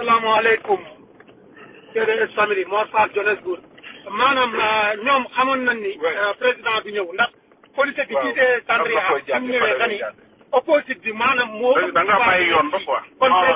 asalaamaaleykum CDS famille Mor Fall Jones Gour maanaam euh, ñoom xamoon nañ ni. Euh, président bi ñëw ndax. police bi jiite Sandria am ñëwee xani opposite bi maanaam moo. da nga bàyyi yoon ba quoi.